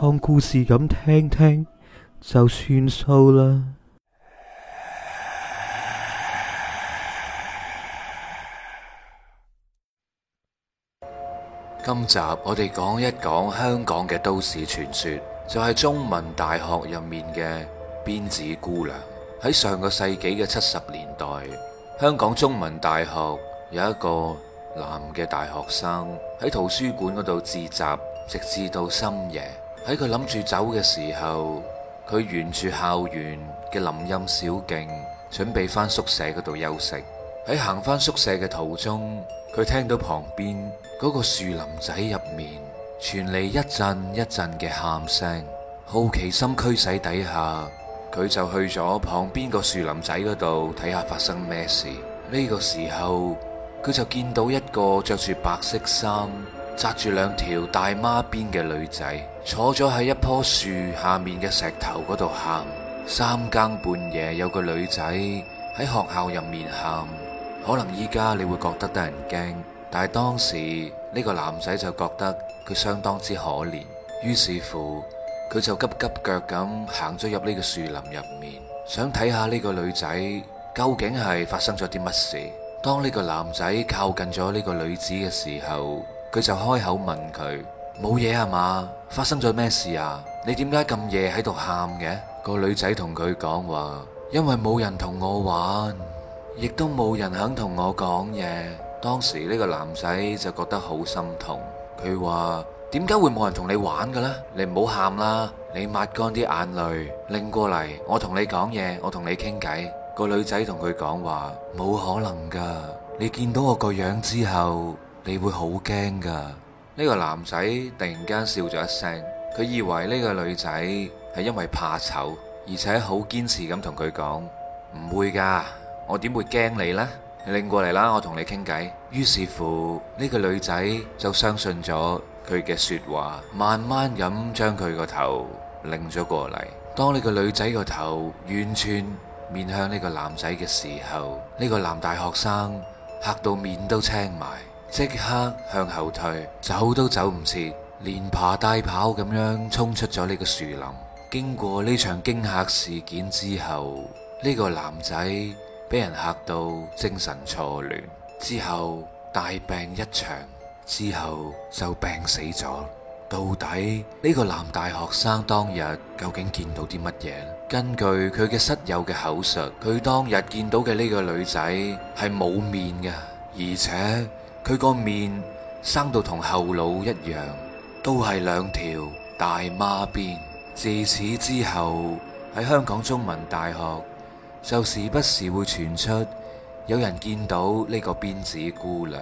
當故事咁聽聽就算數啦。今集我哋講一講香港嘅都市傳說，就係中文大學入面嘅辮子姑娘。喺上個世紀嘅七十年代，香港中文大學有一個男嘅大學生喺圖書館嗰度自習，直至到深夜。喺佢諗住走嘅時候，佢沿住校園嘅林蔭小徑準備翻宿舍嗰度休息。喺行翻宿舍嘅途中，佢聽到旁邊嗰個樹林仔入面傳嚟一陣一陣嘅喊聲。好奇心驅使底下，佢就去咗旁邊個樹林仔嗰度睇下發生咩事。呢個時候，佢就見到一個着住白色衫。紮住兩條大孖辮嘅女仔坐咗喺一棵樹下面嘅石頭嗰度喊。三更半夜有個女仔喺學校入面喊，可能依家你會覺得得人驚，但係當時呢個男仔就覺得佢相當之可憐，於是乎佢就急急腳咁行咗入呢個樹林入面，想睇下呢個女仔究竟係發生咗啲乜事。當呢個男仔靠近咗呢個女子嘅時候，佢就開口問佢冇嘢係嘛？發生咗咩事啊？你點解咁夜喺度喊嘅？個女仔同佢講話：因為冇人同我玩，亦都冇人肯同我講嘢。當時呢個男仔就覺得好心痛。佢話：點解會冇人同你玩噶呢？你唔好喊啦，你抹乾啲眼淚，擰過嚟，我同你講嘢，我同你傾偈。個女仔同佢講話：冇可能噶，你見到我個樣之後。你會好驚噶？呢個男仔突然間笑咗一聲，佢以為呢個女仔係因為怕醜，而且好堅持咁同佢講唔會噶，我點會驚你呢？你擰過嚟啦，我同你傾偈。於是乎，呢個女仔就相信咗佢嘅說話，慢慢咁將佢個頭擰咗過嚟。當呢個女仔個頭完全面向呢個男仔嘅時候，呢個男大學生吓到面都青埋。即刻向後退，走都走唔切，連爬帶跑咁樣衝出咗呢個樹林。經過呢場驚嚇事件之後，呢個男仔俾人嚇到精神錯亂，之後大病一場，之後就病死咗。到底呢個男大學生當日究竟見到啲乜嘢？根據佢嘅室友嘅口述，佢當日見到嘅呢個女仔係冇面嘅，而且。佢個面生到同後腦一樣，都係兩條大孖辮。自此之後，喺香港中文大學就時不時會傳出有人見到呢個辮子姑娘，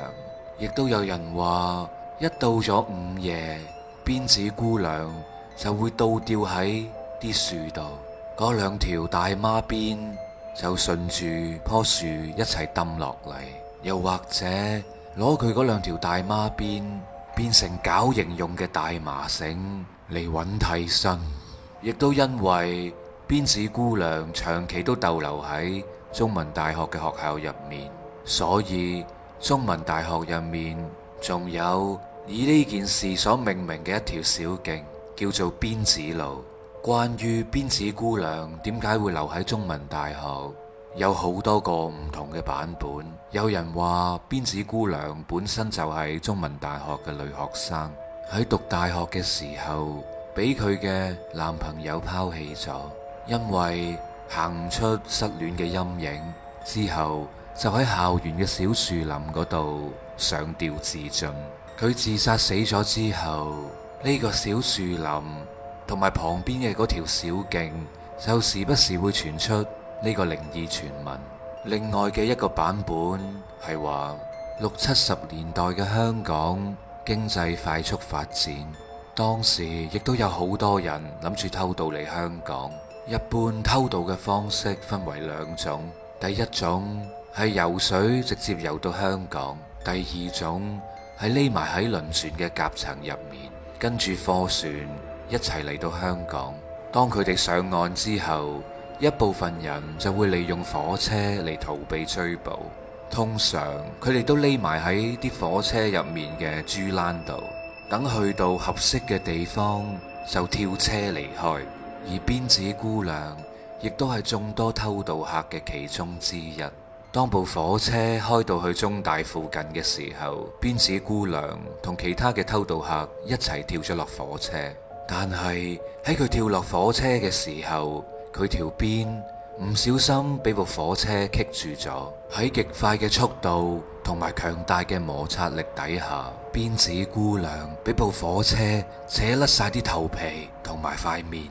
亦都有人話一到咗午夜，辮子姑娘就會倒吊喺啲樹度，嗰兩條大孖辮就順住棵樹一齊抌落嚟，又或者。攞佢嗰兩條大孖辮變成絞刑用嘅大麻繩嚟揾替身，亦都因為辮子姑娘長期都逗留喺中文大學嘅學校入面，所以中文大學入面仲有以呢件事所命名嘅一條小徑，叫做辮子路。關於辮子姑娘點解會留喺中文大學？有好多個唔同嘅版本。有人話，辮子姑娘本身就係中文大學嘅女學生，喺讀大學嘅時候，俾佢嘅男朋友拋棄咗，因為行唔出失戀嘅陰影，之後就喺校園嘅小樹林嗰度上吊自盡。佢自殺死咗之後，呢個小樹林同埋旁邊嘅嗰條小徑就時不時會傳出。呢個靈異傳聞，另外嘅一個版本係話六七十年代嘅香港經濟快速發展，當時亦都有好多人諗住偷渡嚟香港。一般偷渡嘅方式分為兩種，第一種係游水直接游到香港，第二種係匿埋喺輪船嘅夾層入面，跟住貨船一齊嚟到香港。當佢哋上岸之後，一部分人就會利用火車嚟逃避追捕，通常佢哋都匿埋喺啲火車入面嘅豬欄度，等去到合適嘅地方就跳車離開。而辮子姑娘亦都係眾多偷渡客嘅其中之一。當部火車開到去中大附近嘅時候，辮子姑娘同其他嘅偷渡客一齊跳咗落火車，但係喺佢跳落火車嘅時候，佢條辮唔小心俾部火車棘住咗，喺極快嘅速度同埋強大嘅摩擦力底下，辮子姑娘俾部火車扯甩晒啲頭皮同埋塊面，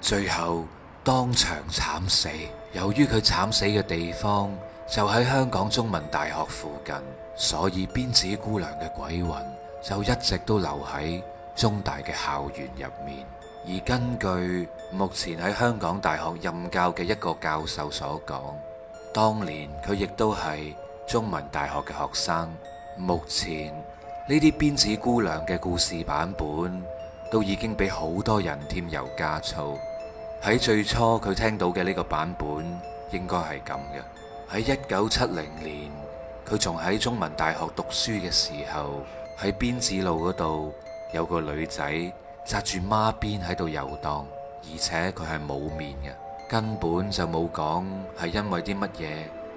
最後當場慘死。由於佢慘死嘅地方就喺香港中文大學附近，所以辮子姑娘嘅鬼魂就一直都留喺中大嘅校園入面。而根據目前喺香港大學任教嘅一個教授所講，當年佢亦都係中文大學嘅學生。目前呢啲辮子姑娘嘅故事版本，都已經俾好多人添油加醋。喺最初佢聽到嘅呢個版本，應該係咁嘅。喺一九七零年，佢仲喺中文大學讀書嘅時候，喺辮子路嗰度有個女仔。紮住孖辮喺度遊蕩，而且佢係冇面嘅，根本就冇講係因為啲乜嘢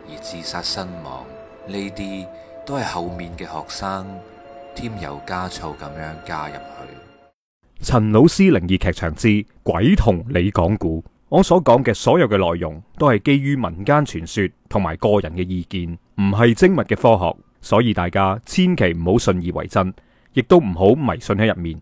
而自殺身亡。呢啲都係後面嘅學生添油加醋咁樣加入去。陳老師靈異劇場之鬼同你講故，我所講嘅所有嘅內容都係基於民間傳說同埋個人嘅意見，唔係精密嘅科學，所以大家千祈唔好信以為真，亦都唔好迷信喺入面。